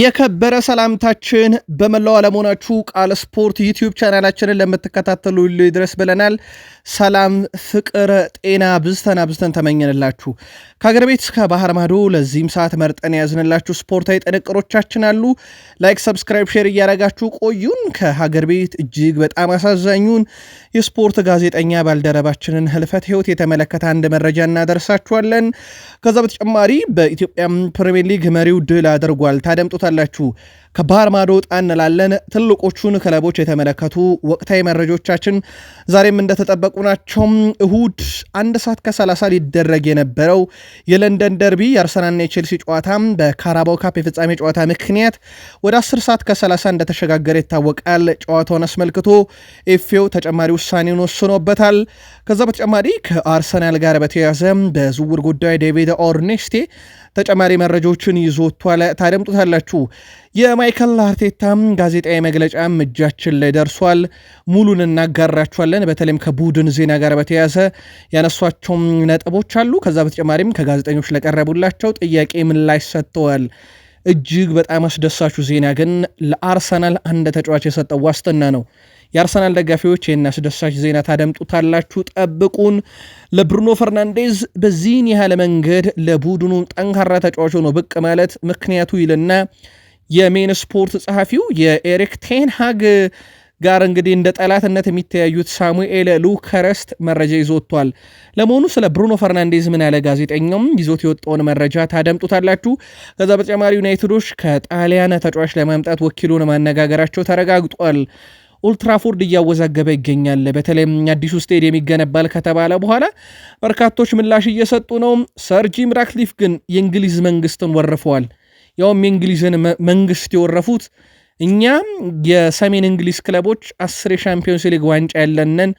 የከበረ ሰላምታችን በመላው አለመሆናችሁ ቃል ስፖርት ዩቲዩብ ቻናላችንን ለምትከታተሉ ድረስ ብለናል። ሰላም፣ ፍቅር፣ ጤና ብዝተን አብዝተን ተመኘንላችሁ። ከአገር ቤት እስከ ባህር ማዶ ለዚህም ሰዓት መርጠን የያዝንላችሁ ስፖርታዊ ጥንቅሮቻችን አሉ። ላይክ፣ ሰብስክራይብ፣ ሼር እያረጋችሁ ቆዩን። ከሀገር ቤት እጅግ በጣም አሳዛኙን የስፖርት ጋዜጠኛ ባልደረባችንን ህልፈት ህይወት የተመለከተ አንድ መረጃ እናደርሳችኋለን። ከዛ በተጨማሪ በኢትዮጵያ ፕሪሚየር ሊግ መሪው ድል አድርጓል ታደምጡ ታደምጡታላችሁ። ከባህር ማዶ ወጣ እንላለን። ትልቆቹን ክለቦች የተመለከቱ ወቅታዊ መረጃዎቻችን ዛሬም እንደተጠበቁ ናቸው። እሁድ አንድ ሰዓት ከሰላሳ ሊደረግ የነበረው የለንደን ደርቢ የአርሰናልና የቼልሲ ጨዋታ በካራባው ካፕ የፍጻሜ ጨዋታ ምክንያት ወደ 10 ሰዓት ከሰላሳ እንደተሸጋገረ ይታወቃል። ጨዋታውን አስመልክቶ ኤፌው ተጨማሪ ውሳኔውን ወስኖበታል። ከዛ በተጨማሪ ከአርሰናል ጋር በተያያዘ በዝውውር ጉዳይ ዴቪድ ኦርኔስቴ ተጨማሪ መረጃዎችን ይዞ ወጥቷል። ታደምጡታላችሁ። የማይከል አርቴታም ጋዜጣዊ መግለጫም እጃችን ላይ ደርሷል። ሙሉን እናጋራችኋለን። በተለይም ከቡድን ዜና ጋር በተያያዘ ያነሷቸውም ነጥቦች አሉ። ከዛ በተጨማሪም ከጋዜጠኞች ለቀረቡላቸው ጥያቄ ምላሽ ሰጥተዋል። እጅግ በጣም አስደሳቹ ዜና ግን ለአርሰናል አንድ ተጫዋች የሰጠው ዋስትና ነው። የአርሰናል ደጋፊዎች ይህን አስደሳች ዜና ታደምጡታላችሁ። ጠብቁን። ለብሩኖ ፈርናንዴዝ በዚህን ያህል መንገድ ለቡድኑ ጠንካራ ተጫዋች ሆኖ ብቅ ማለት ምክንያቱ ይልና የሜን ስፖርት ጸሐፊው የኤሪክ ቴንሃግ ጋር እንግዲህ እንደ ጠላትነት የሚተያዩት ሳሙኤል ሉከረስት መረጃ ይዞ ወጥቷል። ለመሆኑ ስለ ብሩኖ ፈርናንዴዝ ምን ያለ ጋዜጠኛውም ይዞት የወጣውን መረጃ ታደምጡታላችሁ። ከዛ በተጨማሪ ዩናይትዶች ከጣሊያን ተጫዋች ለማምጣት ወኪሉን ማነጋገራቸው ተረጋግጧል። ኦልትራፎርድ እያወዛገበ ይገኛል። በተለይም አዲሱ ስቴዲየም ይገነባል ከተባለ በኋላ በርካቶች ምላሽ እየሰጡ ነው። ሰር ጂም ራትክሊፍ ግን የእንግሊዝ መንግስትን ወርፈዋል። ያውም የእንግሊዝን መንግስት የወረፉት እኛ የሰሜን እንግሊዝ ክለቦች አስር የሻምፒዮንስ ሊግ ዋንጫ ያለንን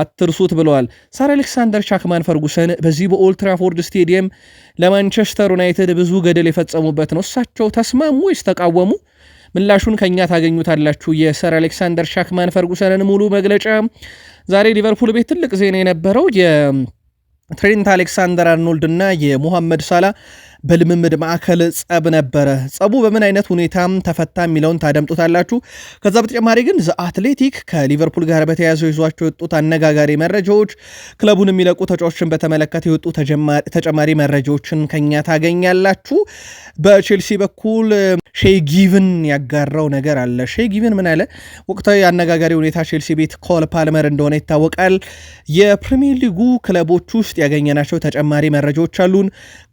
አትርሱት ብለዋል። ሳር አሌክሳንደር ቻክማን ፈርጉሰን በዚህ በኦልትራፎርድ ስቴዲየም ለማንቸስተር ዩናይትድ ብዙ ገደል የፈጸሙበት ነው። እሳቸው ተስማሙ ወይስ ተቃወሙ? ምላሹን ከእኛ ታገኙታላችሁ። የሰር አሌክሳንደር ሻክማን ፈርጉሰንን ሙሉ መግለጫ ዛሬ ሊቨርፑል ቤት ትልቅ ዜና የነበረው የትሬንት አሌክሳንደር አርኖልድ እና የሙሐመድ ሳላ በልምምድ ማዕከል ጸብ ነበረ። ጸቡ በምን አይነት ሁኔታ ተፈታ የሚለውን ታደምጡታላችሁ። ከዛ በተጨማሪ ግን አትሌቲክ ከሊቨርፑል ጋር በተያያዘው ይዟቸው የወጡት አነጋጋሪ መረጃዎች፣ ክለቡን የሚለቁ ተጫዋቾችን በተመለከተ የወጡ ተጨማሪ መረጃዎችን ከኛ ታገኛላችሁ። በቼልሲ በኩል ሼይ ጊቭን ያጋራው ነገር አለ። ሼይ ጊቭን ምን አለ? ወቅታዊ አነጋጋሪ ሁኔታ ቼልሲ ቤት ኮል ፓልመር እንደሆነ ይታወቃል። የፕሪሚየር ሊጉ ክለቦች ውስጥ ያገኘናቸው ተጨማሪ መረጃዎች አሉን።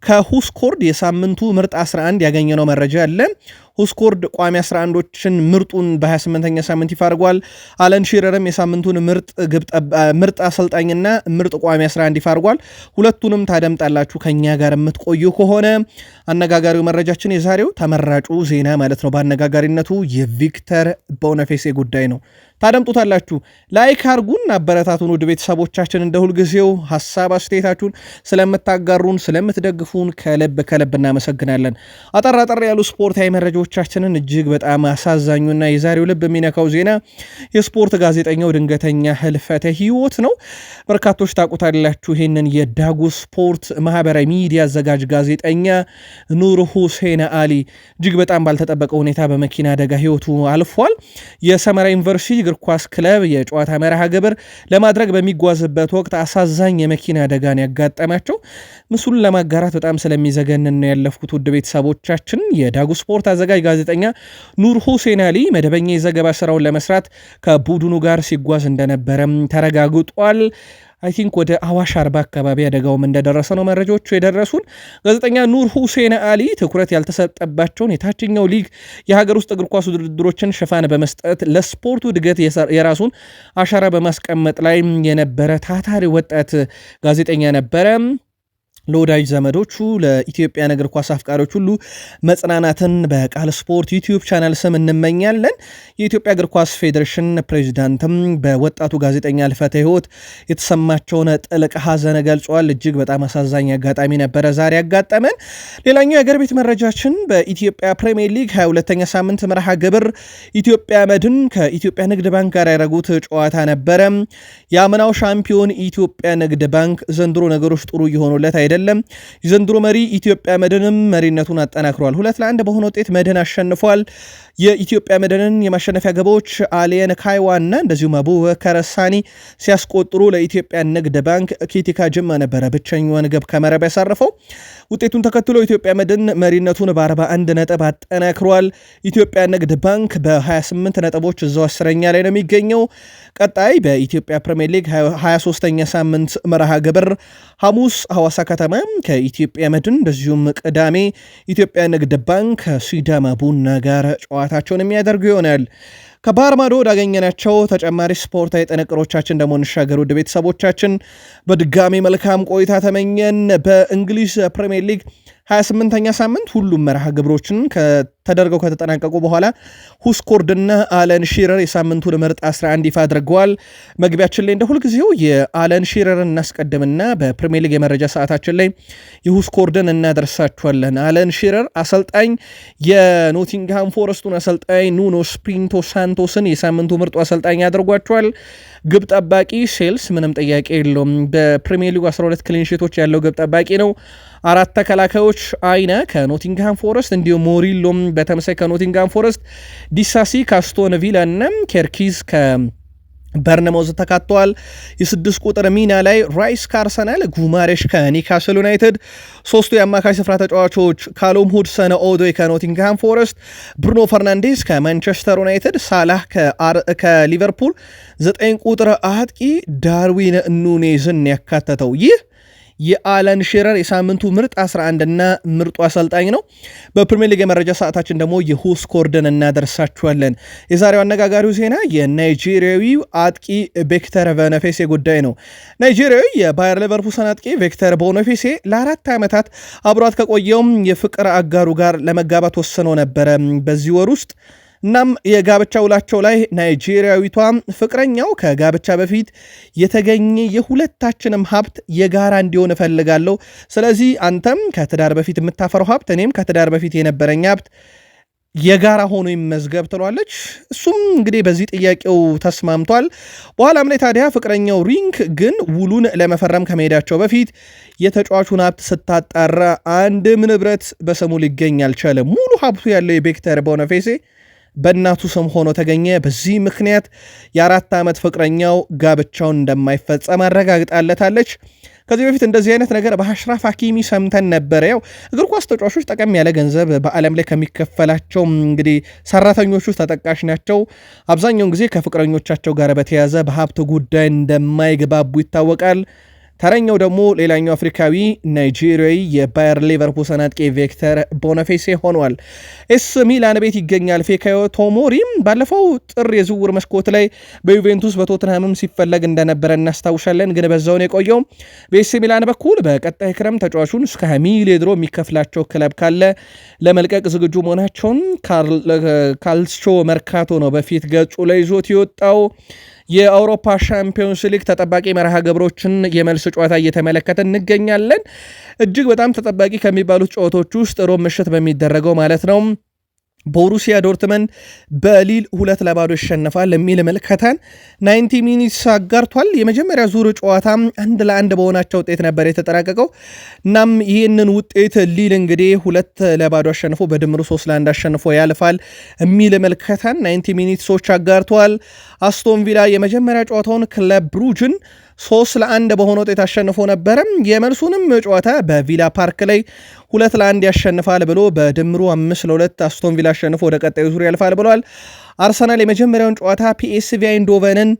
ከሁስኮር የሳምንቱ ምርጥ 11 ያገኘነው መረጃ አለ። ሁስኮርድ ቋሚ 11ዎችን ምርጡን በ28ኛ ሳምንት ይፋ አድርጓል። አለን ሺረርም የሳምንቱን ምርጥ አሰልጣኝና ምርጥ ቋሚ 11 ይፋ አድርጓል። ሁለቱንም ታደምጣላችሁ ከኛ ጋር የምትቆዩ ከሆነ። አነጋጋሪው መረጃችን የዛሬው ተመራጩ ዜና ማለት ነው በአነጋጋሪነቱ የቪክተር ቦነፌሴ ጉዳይ ነው። ታደምጡታላችሁ። ላይክ አርጉን፣ አበረታቱን። ውድ ቤተሰቦቻችን እንደ ሁልጊዜው ሀሳብ አስተያየታችሁን ስለምታጋሩን ስለምትደግፉን ከልብ ከልብ እናመሰግናለን። አጠር አጠር ያሉ ስፖርታዊ መረጃዎች ቤተሰቦቻችንን እጅግ በጣም አሳዛኙና የዛሬው ልብ የሚነካው ዜና የስፖርት ጋዜጠኛው ድንገተኛ ህልፈተ ህይወት ነው። በርካቶች ታውቁታላችሁ። ይህንን የዳጉ ስፖርት ማህበራዊ ሚዲያ አዘጋጅ ጋዜጠኛ ኑር ሁሴን አሊ እጅግ በጣም ባልተጠበቀ ሁኔታ በመኪና አደጋ ህይወቱ አልፏል። የሰመራ ዩኒቨርሲቲ እግር ኳስ ክለብ የጨዋታ መርሃ ግብር ለማድረግ በሚጓዝበት ወቅት አሳዛኝ የመኪና አደጋን ያጋጠማቸው ምስሉን ለማጋራት በጣም ስለሚዘገንን ነው ያለፍኩት። ውድ ቤተሰቦቻችን የዳጉ ስፖርት አዘጋጅ ፈረንሳይ ጋዜጠኛ ኑር ሁሴን አሊ መደበኛ የዘገባ ስራውን ለመስራት ከቡድኑ ጋር ሲጓዝ እንደነበረም ተረጋግጧል። አይ ቲንክ ወደ አዋሽ አርባ አካባቢ አደጋውም እንደደረሰ ነው መረጃዎቹ የደረሱን። ጋዜጠኛ ኑር ሁሴን አሊ ትኩረት ያልተሰጠባቸውን የታችኛው ሊግ የሀገር ውስጥ እግር ኳስ ውድድሮችን ሽፋን በመስጠት ለስፖርቱ እድገት የራሱን አሻራ በማስቀመጥ ላይ የነበረ ታታሪ ወጣት ጋዜጠኛ ነበረ። ለወዳጅ ዘመዶቹ ለኢትዮጵያን እግር ኳስ አፍቃሪዎች ሁሉ መጽናናትን በቃል ስፖርት ዩቲዩብ ቻናል ስም እንመኛለን። የኢትዮጵያ እግር ኳስ ፌዴሬሽን ፕሬዚዳንትም በወጣቱ ጋዜጠኛ ልፈተ ህይወት የተሰማቸውን ጥልቅ ሐዘን ገልጿል። እጅግ በጣም አሳዛኝ አጋጣሚ ነበረ ዛሬ ያጋጠመን። ሌላኛው የአገር ቤት መረጃችን በኢትዮጵያ ፕሪምየር ሊግ 22ኛ ሳምንት መርሃ ግብር ኢትዮጵያ መድን ከኢትዮጵያ ንግድ ባንክ ጋር ያደረጉት ጨዋታ ነበረ። የአምናው ሻምፒዮን ኢትዮጵያ ንግድ ባንክ ዘንድሮ ነገሮች ጥሩ እየሆኑለት አይደለም የለም። የዘንድሮ መሪ ኢትዮጵያ መድንም መሪነቱን አጠናክሯል። ሁለት ለአንድ በሆነ ውጤት መድን አሸንፏል። የኢትዮጵያ መድንን የማሸነፊያ ግቦች አሊየን ካይዋና እንደዚሁም አቡበከር ሳኒ ሲያስቆጥሩ ለኢትዮጵያ ንግድ ባንክ ኬቲካ ጅማ ነበረ ብቸኛዋን ግብ ከመረብ ያሳረፈው። ውጤቱን ተከትሎ ኢትዮጵያ መድን መሪነቱን በ41 ነጥብ አጠናክሯል። ኢትዮጵያ ንግድ ባንክ በ28 ነጥቦች እዛው አስረኛ ላይ ነው የሚገኘው። ቀጣይ በኢትዮጵያ ፕሪምየር ሊግ 23ኛ ሳምንት መርሃ ግብር ሐሙስ ሐዋሳ ከተማ ከኢትዮጵያ መድን እንደዚሁም ቅዳሜ ኢትዮጵያ ንግድ ባንክ ከሲዳማ ቡና ጋር ጨዋታቸውን የሚያደርጉ ይሆናል። ከባህር ማዶ ወዳገኘናቸው ተጨማሪ ስፖርታዊ ጥንቅሮቻችን ደግሞ እንሻገር። ውድ ቤተሰቦቻችን በድጋሚ መልካም ቆይታ ተመኘን። በእንግሊዝ ፕሪምየር ሊግ 28ኛ ሳምንት ሁሉም መርሃ ግብሮችን ተደርገው ከተጠናቀቁ በኋላ ሁስኮርድና አለን ሺረር የሳምንቱን ምርጥ 11 ይፋ አድርገዋል። መግቢያችን ላይ እንደ ሁልጊዜው የአለን ሺረርን እናስቀድምና በፕሪሚየር ሊግ የመረጃ ሰዓታችን ላይ የሁስኮርድን እናደርሳችኋለን። አለን ሺረር አሰልጣኝ የኖቲንግሃም ፎረስቱን አሰልጣኝ ኑኖ ስፕሪንቶ ሳንቶስን የሳምንቱ ምርጡ አሰልጣኝ አድርጓቸዋል። ግብ ጠባቂ ሴልስ ምንም ጥያቄ የለውም። በፕሪሚየር ሊጉ 12 ክሊንሺቶች ያለው ግብ ጠባቂ ነው። አራት ተከላካዮች አይነ ከኖቲንግሃም ፎረስት እንዲሁም ሞሪሎም በተመሳይ ከኖቲንግሃም ፎረስት፣ ዲሳሲ ካስቶን ቪላ እና ኬርኪዝ ከ በርነሞዝ ተካተዋል። የስድስት ቁጥር ሚና ላይ ራይስ ካርሰናል፣ ጉማሬሽ ከኒካስል ዩናይትድ፣ ሶስቱ የአማካይ ስፍራ ተጫዋቾች ካሎም ሁድሰን ኦዶይ ከኖቲንግሃም ፎረስት፣ ብሩኖ ፈርናንዴዝ ከማንቸስተር ዩናይትድ፣ ሳላህ ከሊቨርፑል፣ ዘጠኝ ቁጥር አጥቂ ዳርዊን ኑኔዝን ያካተተው ይህ የአለን ሽረር የሳምንቱ ምርጥ 11ና ምርጡ አሰልጣኝ ነው። በፕሪሚየር ሊግ የመረጃ ሰዓታችን ደግሞ የሁስ ኮርደን እናደርሳችኋለን። የዛሬው አነጋጋሪው ዜና የናይጄሪያዊው አጥቂ ቬክተር በነፌሴ ጉዳይ ነው። ናይጄሪያዊ የባየር ሌቨርኩሰን አጥቂ ቬክተር በነፌሴ ለአራት ዓመታት አብሯት ከቆየውም የፍቅር አጋሩ ጋር ለመጋባት ወስኖ ነበረ። በዚህ ወር ውስጥ እናም የጋብቻ ውላቸው ላይ ናይጄሪያዊቷ ፍቅረኛው ከጋብቻ በፊት የተገኘ የሁለታችንም ሀብት የጋራ እንዲሆን እፈልጋለሁ። ስለዚህ አንተም ከትዳር በፊት የምታፈረው ሀብት፣ እኔም ከትዳር በፊት የነበረኝ ሀብት የጋራ ሆኖ ይመዝገብ ትሏለች። እሱም እንግዲህ በዚህ ጥያቄው ተስማምቷል። በኋላም ላይ ታዲያ ፍቅረኛው ሪንክ ግን ውሉን ለመፈረም ከመሄዳቸው በፊት የተጫዋቹን ሀብት ስታጣራ አንድም ንብረት በስሙ ሊገኝ አልቻለም። ሙሉ ሀብቱ ያለው የቤክተር ቦነፌሴ በእናቱ ስም ሆኖ ተገኘ። በዚህ ምክንያት የአራት ዓመት ፍቅረኛው ጋብቻውን እንደማይፈጸም አረጋግጣለታለች። ከዚህ በፊት እንደዚህ አይነት ነገር በአሽራፍ ሐኪሚ ሰምተን ነበረ። ያው እግር ኳስ ተጫዋቾች ጠቀም ያለ ገንዘብ በዓለም ላይ ከሚከፈላቸው እንግዲህ ሰራተኞቹ ተጠቃሽ ናቸው። አብዛኛውን ጊዜ ከፍቅረኞቻቸው ጋር በተያያዘ በሀብት ጉዳይ እንደማይግባቡ ይታወቃል። ተረኛው ደግሞ ሌላኛው አፍሪካዊ ናይጄሪያዊ የባየር ሌቨርኩሰን አጥቂ ቬክተር ቦነፌሴ ሆኗል። ኤስ ሚላን ቤት ይገኛል። ፌካዮ ቶሞሪም ባለፈው ጥር የዝውውር መስኮት ላይ በዩቬንቱስ በቶትንሃምም ሲፈለግ እንደነበረ እናስታውሻለን። ግን በዛውን የቆየው በኤስ ሚላን በኩል በቀጣይ ክረም ተጫዋቹን እስከ ሚሊዮን ዩሮ የሚከፍላቸው ክለብ ካለ ለመልቀቅ ዝግጁ መሆናቸውን ካልስቾ መርካቶ ነው በፊት ገጹ ላይ ይዞት የወጣው። የአውሮፓ ሻምፒዮንስ ሊግ ተጠባቂ መርሃ ግብሮችን የመልስ ጨዋታ እየተመለከተ እንገኛለን። እጅግ በጣም ተጠባቂ ከሚባሉት ጨዋታዎች ውስጥ ሮብ ምሽት በሚደረገው ማለት ነው ቦሩሲያ ዶርትመንድ በሊል ሁለት ለባዶ ይሸነፋል የሚል መልከታን ናይንቲ ሚኒትስ አጋርቷል። የመጀመሪያ ዙር ጨዋታ አንድ ለአንድ በሆናቸው ውጤት ነበር የተጠናቀቀው። እናም ይህንን ውጤት ሊል እንግዲህ ሁለት ለባዶ አሸንፎ በድምሩ ሶስት ለአንድ አሸንፎ ያልፋል የሚል መልከታን ናይንቲ ሚኒትሶች አጋርተዋል። አስቶን ቪላ የመጀመሪያ ጨዋታውን ክለብ ብሩጅን ሶስት ለአንድ በሆነ ውጤት አሸንፎ ነበረ። የመልሱንም ጨዋታ በቪላ ፓርክ ላይ ሁለት ለአንድ ያሸንፋል ብሎ በድምሩ አምስት ለሁለት አስቶን ቪላ አሸንፎ ወደ ቀጣዩ ዙር ያልፋል ብለዋል። አርሰናል የመጀመሪያውን ጨዋታ ፒኤስቪ አይንዶቨንን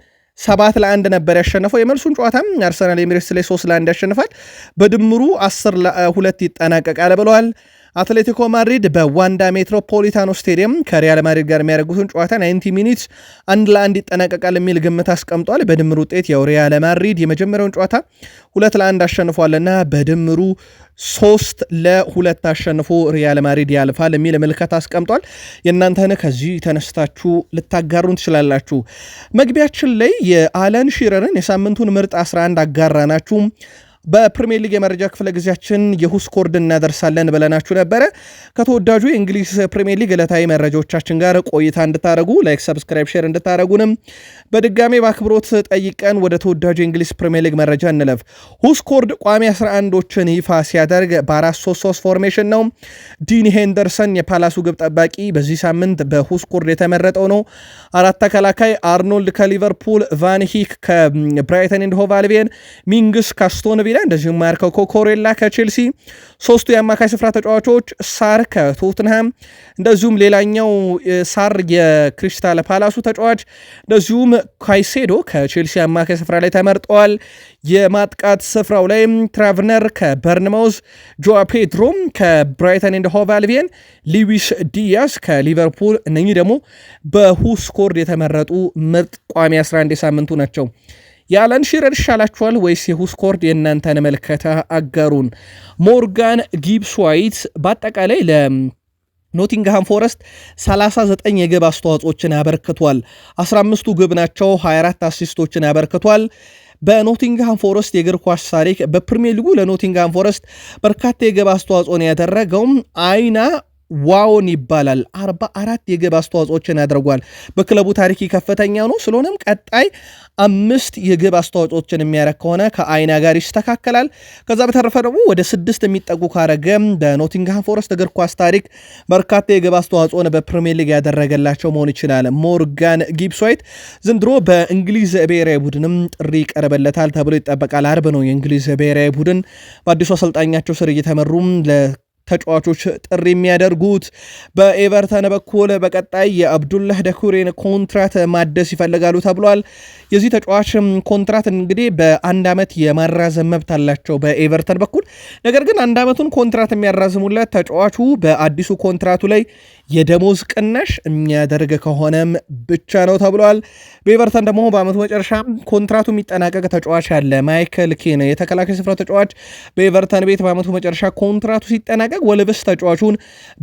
ሰባት ለአንድ ነበር ያሸነፈው። የመልሱን ጨዋታም አርሰናል ኤሚሬትስ ላይ ሶስት ለአንድ ያሸንፋል። በድምሩ አስር ሁለት ይጠናቀቃል ብለዋል። አትሌቲኮ ማድሪድ በዋንዳ ሜትሮፖሊታኖ ስቴዲየም ከሪያል ማድሪድ ጋር የሚያደርጉትን ጨዋታ 90 ሚኒት አንድ ለአንድ ይጠናቀቃል የሚል ግምት አስቀምጧል። በድምር ውጤት ያው ሪያል ማድሪድ የመጀመሪያውን ጨዋታ ሁለት ለአንድ አሸንፏልና በድምሩ ሶስት ለሁለት አሸንፎ ሪያል ማድሪድ ያልፋል የሚል ምልከታ አስቀምጧል። የእናንተን ከዚህ ተነስታችሁ ልታጋሩን ትችላላችሁ። መግቢያችን ላይ የአለን ሺረርን የሳምንቱን ምርጥ 11 አጋራናችሁ። በፕሪሚየር ሊግ የመረጃ ክፍለ ጊዜያችን የሁስኮርድ እናደርሳለን ብለናችሁ ነበረ። ከተወዳጁ የእንግሊዝ ፕሪሚየር ሊግ ዕለታዊ መረጃዎቻችን ጋር ቆይታ እንድታደረጉ ላይክ፣ ሰብስክራይብ፣ ሼር እንድታደረጉንም በድጋሜ በአክብሮት ጠይቀን ወደ ተወዳጁ የእንግሊዝ ፕሪሚየር ሊግ መረጃ እንለፍ። ሁስኮርድ ቋሚ 11ዶችን ይፋ ሲያደርግ በ433 ፎርሜሽን ነው። ዲን ሄንደርሰን የፓላሱ ግብ ጠባቂ በዚህ ሳምንት በሁስኮርድ የተመረጠው ነው። አራት ተከላካይ አርኖልድ ከሊቨርፑል፣ ቫንሂክ ከብራይተን ኤንድ ሆቭ ሚንግስ ካስቶን ቪላ እንደዚሁም ማርከው ኮኮሬላ ከቼልሲ ሶስቱ የአማካይ ስፍራ ተጫዋቾች ሳር ከቶትንሃም እንደዚሁም ሌላኛው ሳር የክሪስታል ፓላሱ ተጫዋች እንደዚሁም ካይሴዶ ከቼልሲ አማካይ ስፍራ ላይ ተመርጠዋል። የማጥቃት ስፍራው ላይ ትራቭነር ከበርንማውዝ፣ ጆዋ ፔድሮም ከብራይተን ኤንድ ሆቭ አልቢዮን፣ ሊዊስ ዲያስ ከሊቨርፑል እነኚህ ደግሞ በሁስኮርድ የተመረጡ ምርጥ ቋሚ 11 የሳምንቱ ናቸው። የአላን ሽረር ይሻላችኋል ወይስ የሁስኮርድ? የእናንተን መልከታ አጋሩን። ሞርጋን ጊብስ ዋይት በአጠቃላይ ለ ኖቲንግሃም ፎረስት 39 የግብ አስተዋጽኦችን አበርክቷል። 15ቱ ግብ ናቸው። 24 አሲስቶችን አበርክቷል። በኖቲንግሃም ፎረስት የእግር ኳስ ታሪክ በፕሪሚየር ሊጉ ለኖቲንግሃም ፎረስት በርካታ የግብ አስተዋጽኦን ያደረገውም አይና ዋውን ይባላል። 44 የግብ አስተዋጽኦችን ያደርጓል። በክለቡ ታሪክ ከፍተኛ ነው። ስለሆነም ቀጣይ አምስት የግብ አስተዋጽኦችን የሚያደርግ ከሆነ ከአይና ጋር ይስተካከላል። ከዛ በተረፈ ደግሞ ወደ ስድስት የሚጠጉ ካረገ በኖቲንግሃም ፎረስት እግር ኳስ ታሪክ በርካታ የግብ አስተዋጽኦን በፕሪሚየር ሊግ ያደረገላቸው መሆን ይችላል። ሞርጋን ጊብስዋይት ዘንድሮ በእንግሊዝ ብሔራዊ ቡድንም ጥሪ ይቀርበለታል ተብሎ ይጠበቃል። አርብ ነው የእንግሊዝ ብሔራዊ ቡድን በአዲሱ አሰልጣኛቸው ስር እየተመሩ ተጫዋቾች ጥሪ የሚያደርጉት። በኤቨርተን በኩል በቀጣይ የአብዱላህ ደኩሬን ኮንትራት ማደስ ይፈልጋሉ ተብሏል። የዚህ ተጫዋች ኮንትራት እንግዲህ በአንድ ዓመት የማራዘም መብት አላቸው በኤቨርተን በኩል። ነገር ግን አንድ ዓመቱን ኮንትራት የሚያራዝሙለት ተጫዋቹ በአዲሱ ኮንትራቱ ላይ የደሞዝ ቅናሽ የሚያደርግ ከሆነም ብቻ ነው ተብሏል። በኤቨርተን ደግሞ በዓመቱ መጨረሻ ኮንትራቱ የሚጠናቀቅ ተጫዋች አለ። ማይክል ኬን የተከላካይ ስፍራ ተጫዋች በኤቨርተን ቤት በዓመቱ መጨረሻ ኮንትራቱ ሲጠናቀቅ ወልብስ ተጫዋቹን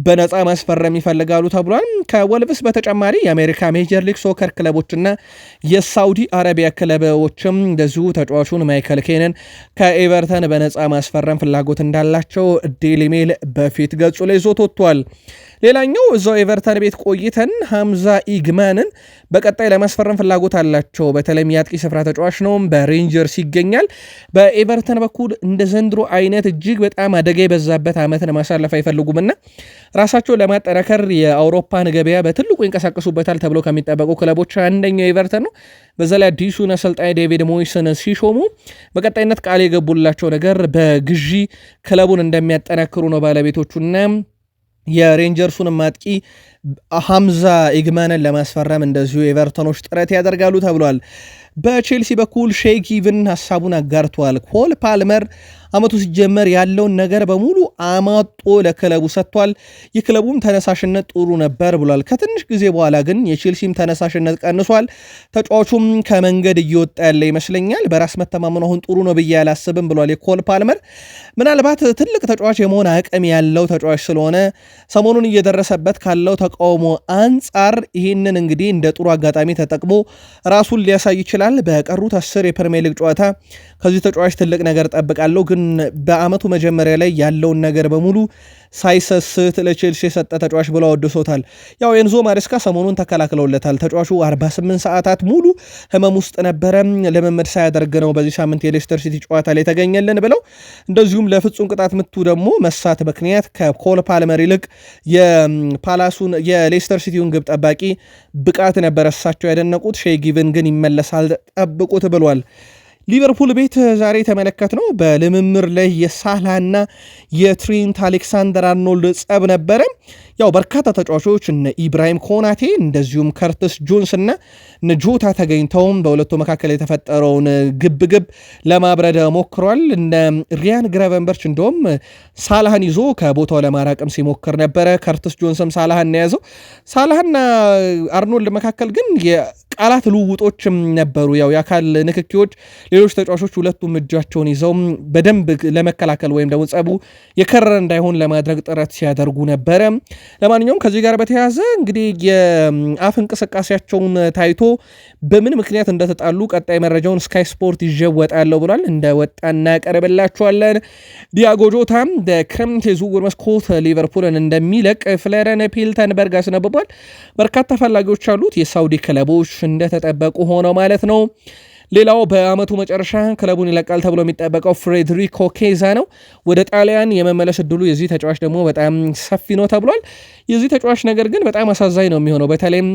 በነፃ ማስፈረም ይፈልጋሉ ተብሏል። ከወልብስ በተጨማሪ የአሜሪካ ሜጀር ሊግ ሶከር ክለቦችና የሳውዲ አረቢያ ክለቦችም እንደዚሁ ተጫዋቹን ማይከል ኬንን ከኤቨርተን በነፃ ማስፈረም ፍላጎት እንዳላቸው ዴሊ ሜል በፊት ገጹ ላይ ይዞት ወጥቷል። ሌላኛው እዛው ኤቨርተን ቤት ቆይተን ሀምዛ ኢግማንን በቀጣይ ለማስፈረም ፍላጎት አላቸው። በተለይም የአጥቂ ስፍራ ተጫዋች ነው፣ በሬንጀርስ ይገኛል። በኤቨርተን በኩል እንደ ዘንድሮ አይነት እጅግ በጣም አደጋ የበዛበት ዓመትን ማሳለፍ አይፈልጉምና ራሳቸውን ለማጠናከር የአውሮፓን ገበያ በትልቁ ይንቀሳቀሱበታል ተብሎ ከሚጠበቁ ክለቦች አንደኛው ኤቨርተን ነው። በዛ ላይ አዲሱን አሰልጣኝ ዴቪድ ሞይስን ሲሾሙ በቀጣይነት ቃል የገቡላቸው ነገር በግዢ ክለቡን እንደሚያጠናክሩ ነው ባለቤቶቹና የሬንጀርሱን ማጥቂ ሐምዛ ኢግማንን ለማስፈረም እንደዚሁ ኤቨርተኖች ጥረት ያደርጋሉ ተብሏል። በቼልሲ በኩል ሼክ ኢቭን ሀሳቡን አጋርተዋል። ኮል ፓልመር አመቱ ሲጀመር ያለውን ነገር በሙሉ አማጦ ለክለቡ ሰጥቷል። የክለቡም ተነሳሽነት ጥሩ ነበር ብሏል። ከትንሽ ጊዜ በኋላ ግን የቼልሲም ተነሳሽነት ቀንሷል። ተጫዋቹም ከመንገድ እየወጣ ያለ ይመስለኛል። በራስ መተማመኑ አሁን ጥሩ ነው ብዬ አላስብም ብሏል። የኮል ፓልመር ምናልባት ትልቅ ተጫዋች የመሆን አቅም ያለው ተጫዋች ስለሆነ ሰሞኑን እየደረሰበት ካለው ተቃውሞ አንጻር ይህንን እንግዲህ እንደ ጥሩ አጋጣሚ ተጠቅሞ ራሱን ሊያሳይ ይችላል። በቀሩት አስር የፕሪሚየር ሊግ ጨዋታ ከዚህ ተጫዋች ትልቅ ነገር ጠብቃለሁ ግን ግን በአመቱ መጀመሪያ ላይ ያለውን ነገር በሙሉ ሳይሰስት ለቼልሲ የሰጠ ተጫዋች ብለው አወድሶታል። ያው ኤንዞ ማሬስካ ሰሞኑን ተከላክለውለታል። ተጫዋቹ 48 ሰዓታት ሙሉ ህመም ውስጥ ነበረ፣ ልምምድ ሳያደርግ ነው በዚህ ሳምንት የሌስተር ሲቲ ጨዋታ ላይ የተገኘልን ብለው እንደዚሁም ለፍጹም ቅጣት ምቱ ደግሞ መሳት ምክንያት ከኮል ፓልመር ይልቅ የፓላሱን የሌስተር ሲቲውን ግብ ጠባቂ ብቃት ነበረ እሳቸው ያደነቁት። ሼጊቭን ግን ይመለሳል ጠብቁት ብሏል። ሊቨርፑል ቤት ዛሬ የተመለከት ነው በልምምር ላይ የሳላና የትሪንት አሌክሳንደር አርኖልድ ጸብ ነበረ። ያው በርካታ ተጫዋቾች እነ ኢብራሂም ኮናቴ እንደዚሁም ከርትስ ጆንስ እና ጆታ ተገኝተውም በሁለቱ መካከል የተፈጠረውን ግብግብ ለማብረድ ሞክሯል። እነ ሪያን ግራቨንበርች እንደውም ሳላህን ይዞ ከቦታው ለማራቅም ሲሞክር ነበረ። ከርትስ ጆንስም ሳላህን የያዘው ሳላህና አርኖልድ መካከል ግን የቃላት ልውውጦችም ነበሩ። ያው የአካል ንክኪዎች፣ ሌሎች ተጫዋቾች ሁለቱም እጃቸውን ይዘው በደንብ ለመከላከል ወይም ደግሞ ጸቡ የከረረ እንዳይሆን ለማድረግ ጥረት ሲያደርጉ ነበረ። ለማንኛውም ከዚህ ጋር በተያያዘ እንግዲህ የአፍ እንቅስቃሴያቸውን ታይቶ በምን ምክንያት እንደተጣሉ ቀጣይ መረጃውን ስካይ ስፖርት ይዤ እወጣለሁ ብሏል። እንደወጣ ወጣ እናቀርብላችኋለን። ዲያጎ ጆታም በክረምት የዝውውር መስኮት ሊቨርፑልን እንደሚለቅ ፍለረን ፒልተንበርግ አስነብቧል። በርካታ ፈላጊዎች አሉት። የሳውዲ ክለቦች እንደተጠበቁ ሆነው ማለት ነው። ሌላው በአመቱ መጨረሻ ክለቡን ይለቃል ተብሎ የሚጠበቀው ፍሬድሪኮ ኬዛ ነው። ወደ ጣሊያን የመመለስ እድሉ የዚህ ተጫዋች ደግሞ በጣም ሰፊ ነው ተብሏል። የዚህ ተጫዋች ነገር ግን በጣም አሳዛኝ ነው የሚሆነው በተለይም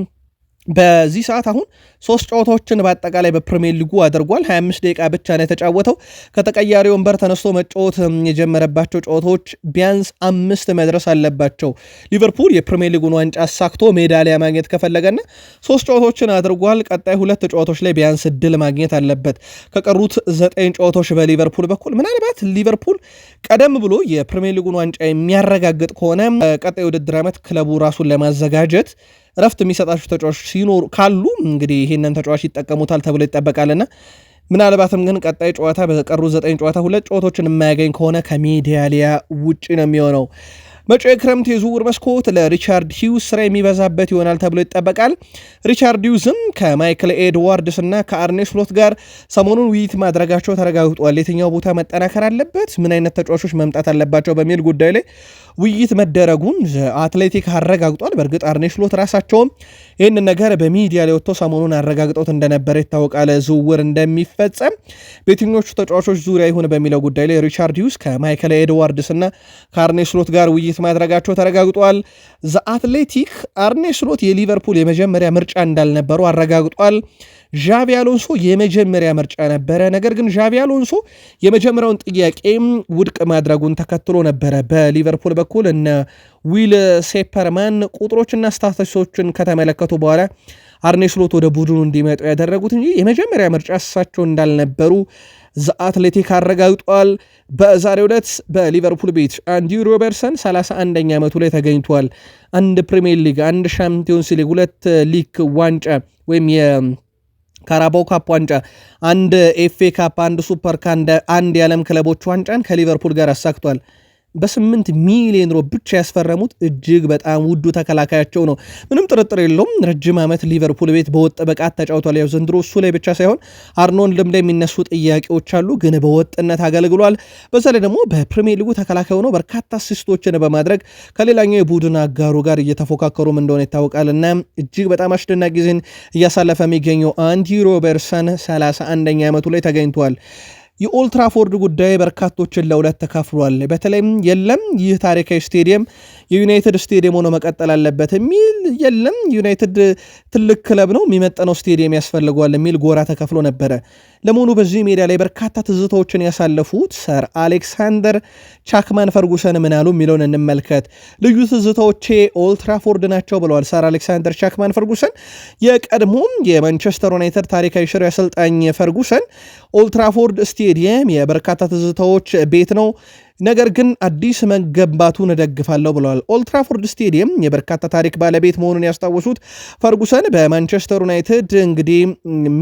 በዚህ ሰዓት አሁን ሶስት ጨዋታዎችን በአጠቃላይ በፕሪሚየር ሊጉ አድርጓል። 25 ደቂቃ ብቻ ነው የተጫወተው። ከተቀያሪ ወንበር ተነስቶ መጫወት የጀመረባቸው ጨዋታዎች ቢያንስ አምስት መድረስ አለባቸው። ሊቨርፑል የፕሪሚየር ሊጉን ዋንጫ አሳክቶ ሜዳሊያ ማግኘት ከፈለገና ሶስት ጨዋታዎችን አድርጓል። ቀጣይ ሁለት ጨዋታዎች ላይ ቢያንስ እድል ማግኘት አለበት። ከቀሩት ዘጠኝ ጨዋታዎች በሊቨርፑል በኩል ምናልባት ሊቨርፑል ቀደም ብሎ የፕሪሚየር ሊጉን ዋንጫ የሚያረጋግጥ ከሆነ ቀጣይ ውድድር ዓመት ክለቡ ራሱን ለማዘጋጀት እረፍት የሚሰጣቸው ተጫዋች ሲኖሩ ካሉ እንግዲህ ይህንን ተጫዋች ይጠቀሙታል ተብሎ ይጠበቃልና ምናልባትም ግን ቀጣይ ጨዋታ በቀሩ ዘጠኝ ጨዋታ ሁለት ጨዋታዎችን የማያገኝ ከሆነ ከሜዳሊያ ውጭ ነው የሚሆነው። መጪው የክረምት የዝውውር መስኮት ለሪቻርድ ሂውስ ስራ የሚበዛበት ይሆናል ተብሎ ይጠበቃል። ሪቻርድ ሂውስም ከማይክል ኤድዋርድስ እና ከአርኔ ስሎት ጋር ሰሞኑን ውይይት ማድረጋቸው ተረጋግጧል። የትኛው ቦታ መጠናከር አለበት፣ ምን አይነት ተጫዋቾች መምጣት አለባቸው በሚል ጉዳይ ላይ ውይይት መደረጉን አትሌቲክ አረጋግጧል። በእርግጥ አርኔ ስሎት ራሳቸውም ይህንን ነገር በሚዲያ ላይ ወጥቶ ሰሞኑን አረጋግጦት እንደነበረ ይታወቃል። ዝውውር እንደሚፈጸም በየትኞቹ ተጫዋቾች ዙሪያ ይሁን በሚለው ጉዳይ ላይ ሪቻርድ ሂውስ ከማይክል ኤድዋርድስ እና ከአርኔ ስሎት ጋር ውይይት ውይይት ማድረጋቸው ተረጋግጧል። ዘ አትሌቲክ አርኔ ስሎት የሊቨርፑል የመጀመሪያ ምርጫ እንዳልነበሩ አረጋግጧል። ዣቪ አሎንሶ የመጀመሪያ ምርጫ ነበረ። ነገር ግን ዣቪ አሎንሶ የመጀመሪያውን ጥያቄ ውድቅ ማድረጉን ተከትሎ ነበረ በሊቨርፑል በኩል እነ ዊል ሴፐርማን ቁጥሮችና ስታቲስቲክሶችን ከተመለከቱ በኋላ አርኔ ስሎት ወደ ቡድኑ እንዲመጡ ያደረጉት እንጂ የመጀመሪያ ምርጫ እሳቸው እንዳልነበሩ ዘአትሌቲክ አረጋግጧል። በዛሬው ዕለት በሊቨርፑል ቤት አንዲ ሮበርሰን 31ኛ ዓመቱ ላይ ተገኝቷል። አንድ ፕሪሚየር ሊግ፣ አንድ ሻምፒዮንስ ሊግ፣ ሁለት ሊግ ዋንጫ ወይም የካራባው ካፕ ዋንጫ፣ አንድ ኤፍኤ ካፕ፣ አንድ ሱፐር፣ አንድ የዓለም ክለቦች ዋንጫን ከሊቨርፑል ጋር አሳክቷል። በስምንት ሚሊዮን ሮ ብቻ ያስፈረሙት እጅግ በጣም ውዱ ተከላካያቸው ነው። ምንም ጥርጥር የለውም። ረጅም ዓመት ሊቨርፑል ቤት በወጥ ብቃት ተጫውቷል። ያው ዘንድሮ እሱ ላይ ብቻ ሳይሆን አርኖልድም ላይ የሚነሱ ጥያቄዎች አሉ፣ ግን በወጥነት አገልግሏል። በዛ ላይ ደግሞ በፕሪሚየር ሊጉ ተከላካይ ሆኖ በርካታ አሲስቶችን በማድረግ ከሌላኛው የቡድን አጋሩ ጋር እየተፎካከሩም እንደሆነ ይታወቃል እና እጅግ በጣም አስደናቂ ጊዜን እያሳለፈ የሚገኘው አንዲ ሮበርሰን 31ኛ ዓመቱ ላይ ተገኝቷል። የኦልትራፎርድ ጉዳይ በርካቶችን ለሁለት ተካፍሏል። በተለይም የለም ይህ ታሪካዊ ስቴዲየም የዩናይትድ ስቴዲየም ሆኖ መቀጠል አለበት የሚል የለም። ዩናይትድ ትልቅ ክለብ ነው፣ የሚመጠነው ስቴዲየም ያስፈልገዋል የሚል ጎራ ተከፍሎ ነበረ። ለመሆኑ በዚህ ሜዳ ላይ በርካታ ትዝታዎችን ያሳለፉት ሰር አሌክሳንደር ቻክማን ፈርጉሰን ምን አሉ የሚለውን እንመልከት። ልዩ ትዝታዎቼ ኦልትራፎርድ ናቸው ብለዋል ሰር አሌክሳንደር ቻክማን ፈርጉሰን። የቀድሞም የማንቸስተር ዩናይትድ ታሪካዊ ሽር አሰልጣኝ ፈርጉሰን ኦልትራፎርድ ስቴዲየም የበርካታ ትዝታዎች ቤት ነው ነገር ግን አዲስ መገንባቱን እደግፋለሁ ብለዋል። ኦልትራፎርድ ስቴዲየም የበርካታ ታሪክ ባለቤት መሆኑን ያስታወሱት ፈርጉሰን በማንቸስተር ዩናይትድ እንግዲህ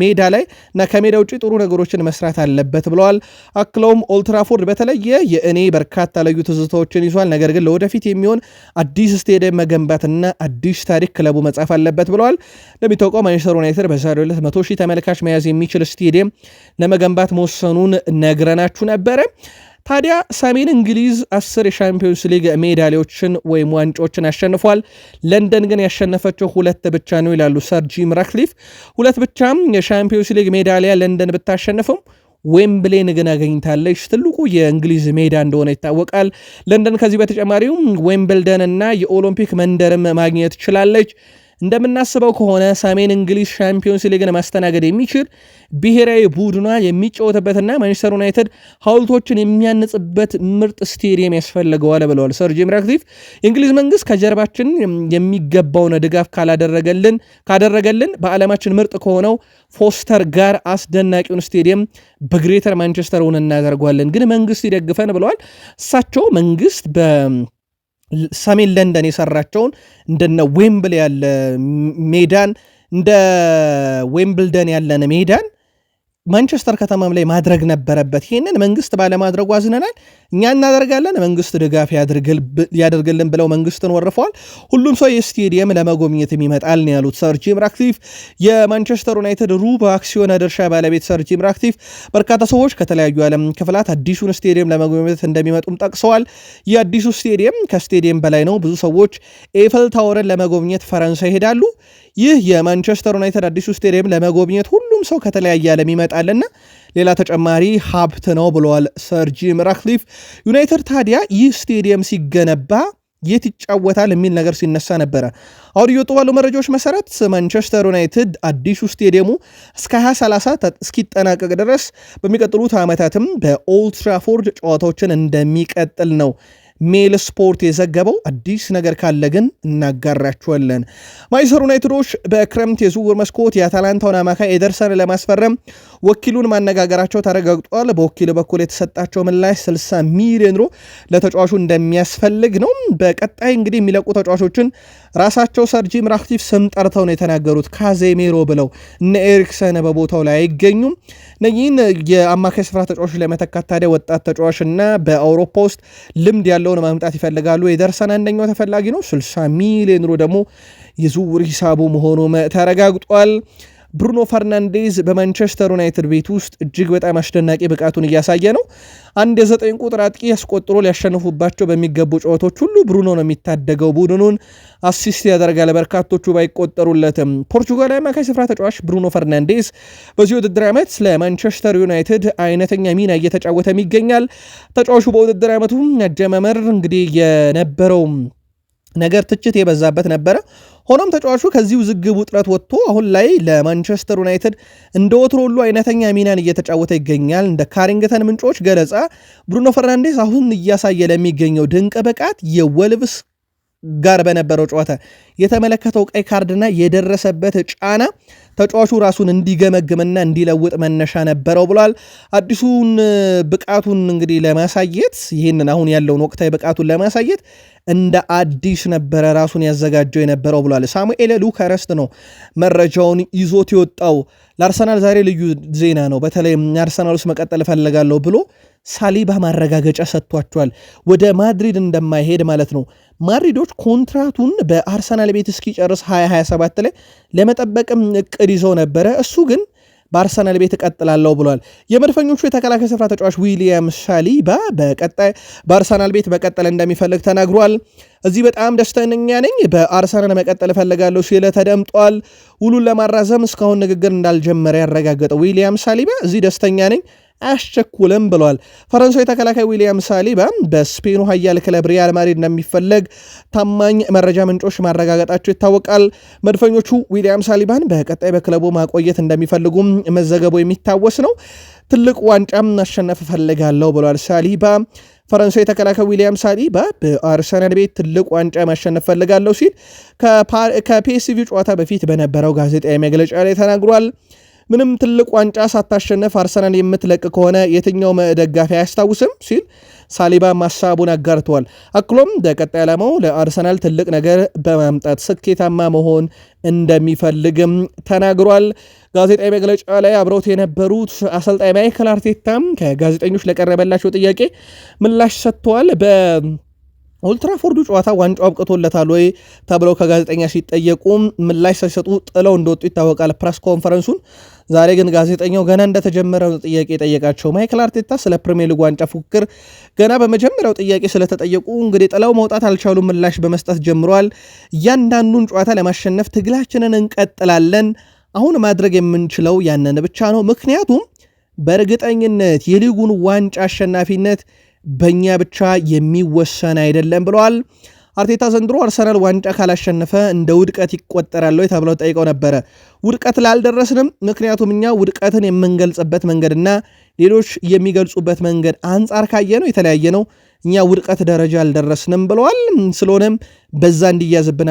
ሜዳ ላይ እና ከሜዳ ውጭ ጥሩ ነገሮችን መስራት አለበት ብለዋል። አክለውም ኦልትራፎርድ በተለየ የእኔ በርካታ ልዩ ትዝታዎችን ይዟል። ነገር ግን ለወደፊት የሚሆን አዲስ ስቴዲየም መገንባትና አዲስ ታሪክ ክለቡ መጻፍ አለበት ብለዋል። እንደሚታወቀው ማንቸስተር ዩናይትድ በዛሬው ዕለት መቶ ሺህ ተመልካች መያዝ የሚችል ስቴዲየም ለመገንባት መወሰኑን ነግረናችሁ ነበረ። ታዲያ ሰሜን እንግሊዝ አስር የሻምፒዮንስ ሊግ ሜዳሊያዎችን ወይም ዋንጫዎችን አሸንፏል። ለንደን ግን ያሸነፈችው ሁለት ብቻ ነው ይላሉ ሰር ጂም ሁለት ብቻም የሻምፒዮንስ ሊግ ሜዳሊያ ለንደን ብታሸንፍም ዌምብሌን ግን አገኝታለች። ትልቁ የእንግሊዝ ሜዳ እንደሆነ ይታወቃል። ለንደን ከዚህ በተጨማሪው ዌምብልደን እና የኦሎምፒክ መንደርም ማግኘት ትችላለች። እንደምናስበው ከሆነ ሰሜን እንግሊዝ ሻምፒዮንስ ሊግን ማስተናገድ የሚችል ብሔራዊ ቡድኗ የሚጫወትበትና ማንቸስተር ዩናይትድ ሀውልቶችን የሚያንጽበት ምርጥ ስቴዲየም ያስፈልገዋል ብለዋል ሰር ጂም ራትክሊፍ። የእንግሊዝ መንግስት ከጀርባችን የሚገባውን ድጋፍ ካላደረገልን ካደረገልን በዓለማችን ምርጥ ከሆነው ፎስተር ጋር አስደናቂውን ስቴዲየም በግሬተር ማንቸስተር እውን እናደርጓለን፣ ግን መንግስት ይደግፈን ብለዋል። እሳቸው መንግስት በ ሰሜን ለንደን የሰራቸውን እንደነ ዌምብል ያለ ሜዳን እንደ ዌምብልደን ያለን ሜዳን ማንቸስተር ከተማም ላይ ማድረግ ነበረበት። ይህንን መንግስት ባለማድረጉ አዝነናል። እኛ እናደርጋለን፣ መንግስት ድጋፍ ያደርግልን ብለው መንግስትን ወርፈዋል። ሁሉም ሰው የስቴዲየም ለመጎብኘት ይመጣል ነው ያሉት ሰር ጂም ራትክሊፍ። የማንቸስተር ዩናይትድ ሩብ አክሲዮን ድርሻ ባለቤት ሰር ጂም ራትክሊፍ በርካታ ሰዎች ከተለያዩ ዓለም ክፍላት አዲሱን ስቴዲየም ለመጎብኘት እንደሚመጡም ጠቅሰዋል። የአዲሱ ስቴዲየም ከስቴዲየም በላይ ነው። ብዙ ሰዎች ኤፈል ታወርን ለመጎብኘት ፈረንሳይ ይሄዳሉ። ይህ የማንቸስተር ዩናይትድ አዲሱ ስቴዲየም ለመጎብኘት ሁሉም ሰው ከተለያየ ዓለም ይመጣልና ሌላ ተጨማሪ ሀብት ነው ብለዋል ሰር ጂም ራትክሊፍ። ዩናይትድ ታዲያ ይህ ስቴዲየም ሲገነባ የት ይጫወታል የሚል ነገር ሲነሳ ነበረ። አሁን እየወጡ ባሉ መረጃዎች መሰረት ማንቸስተር ዩናይትድ አዲሱ ስቴዲየሙ እስከ 2030 እስኪጠናቀቅ ድረስ በሚቀጥሉት ዓመታትም በኦልትራፎርድ ጨዋታዎችን እንደሚቀጥል ነው ሜል ስፖርት የዘገበው። አዲስ ነገር ካለ ግን እናጋራችኋለን። ማንቸስተር ዩናይትዶች በክረምት የዝውውር መስኮት የአታላንታውን አማካይ ኤደርሰን ለማስፈረም ወኪሉን ማነጋገራቸው ተረጋግጧል። በወኪል በኩል የተሰጣቸው ምላሽ 60 ሚሊዮን ዩሮ ለተጫዋቹ እንደሚያስፈልግ ነው። በቀጣይ እንግዲህ የሚለቁ ተጫዋቾችን ራሳቸው ሰር ጂም ራትክሊፍ ስም ጠርተው ነው የተናገሩት። ካዜሜሮ ብለው እነ ኤሪክሰን በቦታው ላይ አይገኙም። ነይህን የአማካይ ስፍራ ተጫዋቾች ለመተካት ታዲያ ወጣት ተጫዋች እና በአውሮፓ ውስጥ ልምድ ያለው ያለውን ማምጣት ይፈልጋሉ። የደርሰን አንደኛው ተፈላጊ ነው። 60 ሚሊዮን ዩሮ ደግሞ የዝውውር ሂሳቡ መሆኑ ተረጋግጧል። ብሩኖ ፈርናንዴዝ በማንቸስተር ዩናይትድ ቤት ውስጥ እጅግ በጣም አስደናቂ ብቃቱን እያሳየ ነው። አንድ የዘጠኝ ቁጥር አጥቂ አስቆጥሮ ሊያሸንፉባቸው በሚገቡ ጨዋታዎች ሁሉ ብሩኖ ነው የሚታደገው፣ ቡድኑን አሲስት ያደርጋል በርካቶቹ ባይቆጠሩለትም። ፖርቹጋላዊ አማካይ ስፍራ ተጫዋች ብሩኖ ፈርናንዴዝ በዚህ ውድድር ዓመት ለማንቸስተር ዩናይትድ አይነተኛ ሚና እየተጫወተም ይገኛል። ተጫዋቹ በውድድር ዓመቱ አጀማመር እንግዲህ የነበረው ነገር ትችት የበዛበት ነበረ። ሆኖም ተጫዋቹ ከዚህ ውዝግብ ውጥረት ወጥቶ አሁን ላይ ለማንቸስተር ዩናይትድ እንደ ወትሮ ሁሉ አይነተኛ ሚናን እየተጫወተ ይገኛል። እንደ ካሪንግተን ምንጮች ገለጻ ብሩኖ ፈርናንዴስ አሁን እያሳየ ለሚገኘው ድንቅ ብቃት የወልቭስ ጋር በነበረው ጨዋታ የተመለከተው ቀይ ካርድና የደረሰበት ጫና ተጫዋቹ ራሱን እንዲገመግምና እንዲለውጥ መነሻ ነበረው ብሏል። አዲሱን ብቃቱን እንግዲህ ለማሳየት ይህንን አሁን ያለውን ወቅታዊ ብቃቱን ለማሳየት እንደ አዲስ ነበረ ራሱን ያዘጋጀው የነበረው ብሏል። ሳሙኤል ሉከረስት ነው መረጃውን ይዞት የወጣው። ለአርሰናል ዛሬ ልዩ ዜና ነው። በተለይ አርሰናል ውስጥ መቀጠል እፈልጋለሁ ብሎ ሳሊባ ማረጋገጫ ሰጥቷቸዋል። ወደ ማድሪድ እንደማይሄድ ማለት ነው። ማድሪዶች ኮንትራቱን በአርሰናል ቤት እስኪጨርስ 2027 ላይ ለመጠበቅም እቅድ ይዘው ነበረ። እሱ ግን በአርሰናል ቤት እቀጥላለሁ ብሏል። የመድፈኞቹ የተከላካይ ስፍራ ተጫዋች ዊሊያም ሳሊባ በቀጣይ በአርሰናል ቤት መቀጠል እንደሚፈልግ ተናግሯል። እዚህ በጣም ደስተኛ ነኝ፣ በአርሰናል መቀጠል እፈልጋለሁ ሲለ ተደምጧል። ውሉን ለማራዘም እስካሁን ንግግር እንዳልጀመረ ያረጋገጠው ዊሊያም ሳሊባ እዚህ ደስተኛ ነኝ አያስቸኩልም ብሏል። ፈረንሳዊ ተከላካይ ዊሊያም ሳሊባ በስፔኑ ኃያል ክለብ ሪያል ማድሪድ እንደሚፈለግ ታማኝ መረጃ ምንጮች ማረጋገጣቸው ይታወቃል። መድፈኞቹ ዊሊያም ሳሊባን በቀጣይ በክለቡ ማቆየት እንደሚፈልጉም መዘገቡ የሚታወስ ነው። ትልቅ ዋንጫም ማሸነፍ እፈልጋለሁ ብሏል ሳሊባ። ፈረንሳዊ ተከላካይ ዊሊያም ሳሊባ በአርሰናል ቤት ትልቅ ዋንጫ ማሸነፍ እፈልጋለሁ ሲል ከፒኤስቪ ጨዋታ በፊት በነበረው ጋዜጣዊ መግለጫ ላይ ተናግሯል። ምንም ትልቅ ዋንጫ ሳታሸነፍ አርሰናል የምትለቅ ከሆነ የትኛው ደጋፊ አያስታውስም ሲል ሳሊባ ማሳቡን አጋርተዋል። አክሎም በቀጣይ ዓላማው ለአርሰናል ትልቅ ነገር በማምጣት ስኬታማ መሆን እንደሚፈልግም ተናግሯል። ጋዜጣዊ መግለጫ ላይ አብረውት የነበሩት አሰልጣኝ ማይክል አርቴታም ከጋዜጠኞች ለቀረበላቸው ጥያቄ ምላሽ ሰጥተዋል። ኦልትራፎርዱ ጨዋታ ዋንጫው አብቅቶለታል ወይ ተብለው ከጋዜጠኛ ሲጠየቁ ምላሽ ሳይሰጡ ጥለው እንደወጡ ይታወቃል ፕሬስ ኮንፈረንሱን። ዛሬ ግን ጋዜጠኛው ገና እንደተጀመረ ጥያቄ የጠየቃቸው ማይክል አርቴታ ስለ ፕሪሚየር ሊግ ዋንጫ ፉክክር ገና በመጀመሪያው ጥያቄ ስለተጠየቁ እንግዲህ ጥለው መውጣት አልቻሉም፣ ምላሽ በመስጠት ጀምረዋል። እያንዳንዱን ጨዋታ ለማሸነፍ ትግላችንን እንቀጥላለን። አሁን ማድረግ የምንችለው ያንን ብቻ ነው። ምክንያቱም በእርግጠኝነት የሊጉን ዋንጫ አሸናፊነት በእኛ ብቻ የሚወሰን አይደለም ብለዋል። አርቴታ ዘንድሮ አርሰናል ዋንጫ ካላሸነፈ እንደ ውድቀት ይቆጠራል ወይ ተብለው ጠይቀው ነበረ። ውድቀት ላልደረስንም፣ ምክንያቱም እኛ ውድቀትን የምንገልጽበት መንገድና ሌሎች የሚገልጹበት መንገድ አንጻር ካየ ነው የተለያየ ነው። እኛ ውድቀት ደረጃ አልደረስንም ብለዋል። ስለሆነም በዛ እንዲያዝብን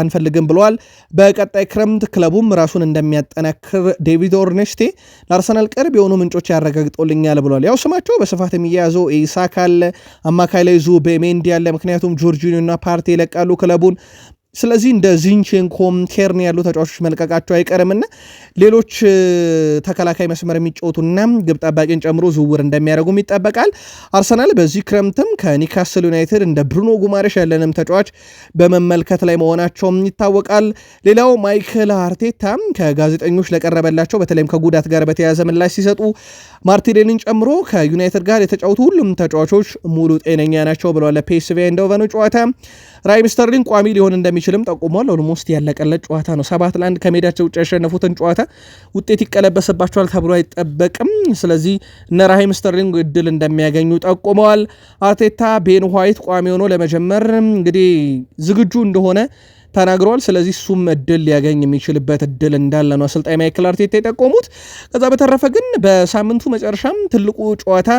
አንፈልግም ብለዋል። በቀጣይ ክረምት ክለቡም ራሱን እንደሚያጠናክር ዴቪድ ኦርኔስቴ ለአርሰናል ቅርብ የሆኑ ምንጮች ያረጋግጦልኛል ብለዋል። ያው ስማቸው በስፋት የሚያያዘው ኢሳክ አለ፣ አማካይ ላይ ዙቤሜንዲ ያለ ምክንያቱም ጆርጂኒዮና ፓርቲ ይለቃሉ ክለቡን ስለዚህ እንደ ዚንቼንኮም ኬርን ያሉ ተጫዋቾች መልቀቃቸው አይቀርምና ሌሎች ተከላካይ መስመር የሚጫወቱና ግብ ጠባቂን ጨምሮ ዝውውር እንደሚያደርጉም ይጠበቃል። አርሰናል በዚህ ክረምትም ከኒካስል ዩናይትድ እንደ ብሩኖ ጉማሬሽ ያለንም ተጫዋች በመመልከት ላይ መሆናቸውም ይታወቃል። ሌላው ማይክል አርቴታ ከጋዜጠኞች ለቀረበላቸው በተለይም ከጉዳት ጋር በተያያዘ ምላሽ ሲሰጡ ማርቲኔሊን ጨምሮ ከዩናይትድ ጋር የተጫወቱ ሁሉም ተጫዋቾች ሙሉ ጤነኛ ናቸው ብለዋል። ለፔስቪ አይንድሆቨኑ ጨዋታ ራሂም ስተርሊንግ ቋሚ ሊሆን እንደሚችልም ጠቁሟል። ኦልሞስት ያለቀለት ጨዋታ ነው። ሰባት ለአንድ ከሜዳቸው ውጭ ያሸነፉትን ጨዋታ ውጤት ይቀለበስባቸዋል ተብሎ አይጠበቅም። ስለዚህ እነ ራሂም ስተርሊንግ እድል እንደሚያገኙ ጠቁመዋል። አርቴታ ቤን ዋይት ቋሚ ሆኖ ለመጀመር እንግዲህ ዝግጁ እንደሆነ ተናግረዋል። ስለዚህ እሱም እድል ሊያገኝ የሚችልበት እድል እንዳለ ነው አሰልጣኝ ማይክል አርቴታ የጠቆሙት። ከዛ በተረፈ ግን በሳምንቱ መጨረሻም ትልቁ ጨዋታ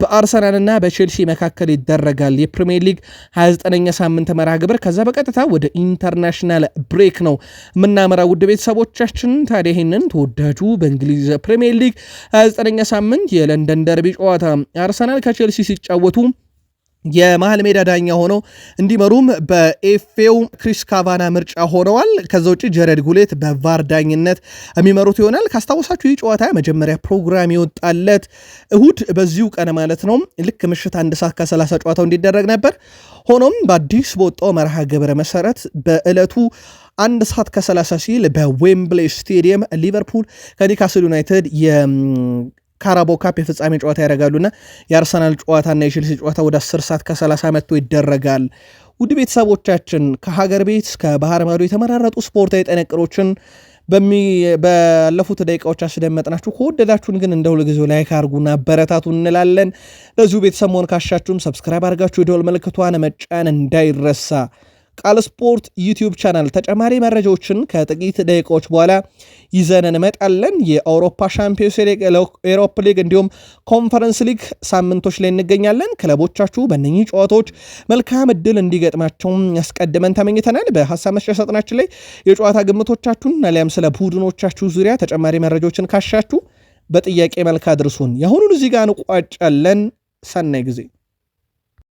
በአርሰናልና በቼልሲ መካከል ይደረጋል። የፕሪሚየር ሊግ 29ኛ ሳምንት መርሃ ግብር። ከዛ በቀጥታ ወደ ኢንተርናሽናል ብሬክ ነው የምናመራ። ውድ ቤተሰቦቻችን ታዲያ ይህንን ተወዳጁ በእንግሊዝ ፕሪሚየር ሊግ 29ኛ ሳምንት የለንደን ደርቢ ጨዋታ አርሰናል ከቼልሲ ሲጫወቱ የመሀል ሜዳ ዳኛ ሆነው እንዲመሩም በኤፌው ክሪስ ካቫና ምርጫ ሆነዋል። ከዛ ውጭ ጀረድ ጉሌት በቫር ዳኝነት የሚመሩት ይሆናል። ካስታወሳችሁ ይህ ጨዋታ መጀመሪያ ፕሮግራም የወጣለት እሁድ በዚሁ ቀን ማለት ነው ልክ ምሽት አንድ ሰዓት ከሰላሳ ጨዋታው እንዲደረግ ነበር። ሆኖም በአዲስ በወጣው መርሃ ግብረ መሰረት በዕለቱ አንድ ሰዓት ከ30 ሲል በዌምብሌ ስቴዲየም ሊቨርፑል ከኒካስል ዩናይትድ ካራቦ ካፕ የፍጻሜ ጨዋታ ያደርጋሉና የአርሰናል ጨዋታና የቼልሲ ጨዋታ ወደ 10 ሰዓት ከ30 መጥቶ ይደረጋል። ውድ ቤተሰቦቻችን ከሀገር ቤት ከባህር ማዶ የተመራረጡ ስፖርታዊ ጥንቅሮችን ባለፉት ደቂቃዎች አስደመጥናችሁ። ከወደዳችሁን ግን እንደ ሁልጊዜው ላይክ አድርጉና አበረታቱ እንላለን። ለዚሁ ቤተሰብ መሆን ካሻችሁም ሰብስክራይብ አድርጋችሁ የደወል ምልክቷን መጫን እንዳይረሳ። ቃል ስፖርት ዩቲዩብ ቻናል ተጨማሪ መረጃዎችን ከጥቂት ደቂቃዎች በኋላ ይዘን እንመጣለን። የአውሮፓ ሻምፒዮንስ ሊግ፣ ኤሮፕ ሊግ እንዲሁም ኮንፈረንስ ሊግ ሳምንቶች ላይ እንገኛለን። ክለቦቻችሁ በእነኚህ ጨዋታዎች መልካም እድል እንዲገጥማቸው ያስቀድመን ተመኝተናል። በሀሳብ መስጫ ሳጥናችን ላይ የጨዋታ ግምቶቻችሁን አሊያም ስለ ቡድኖቻችሁ ዙሪያ ተጨማሪ መረጃዎችን ካሻችሁ በጥያቄ መልክ አድርሱን። የአሁኑን እዚህ ጋር እንቋጫለን። ሰናይ ጊዜ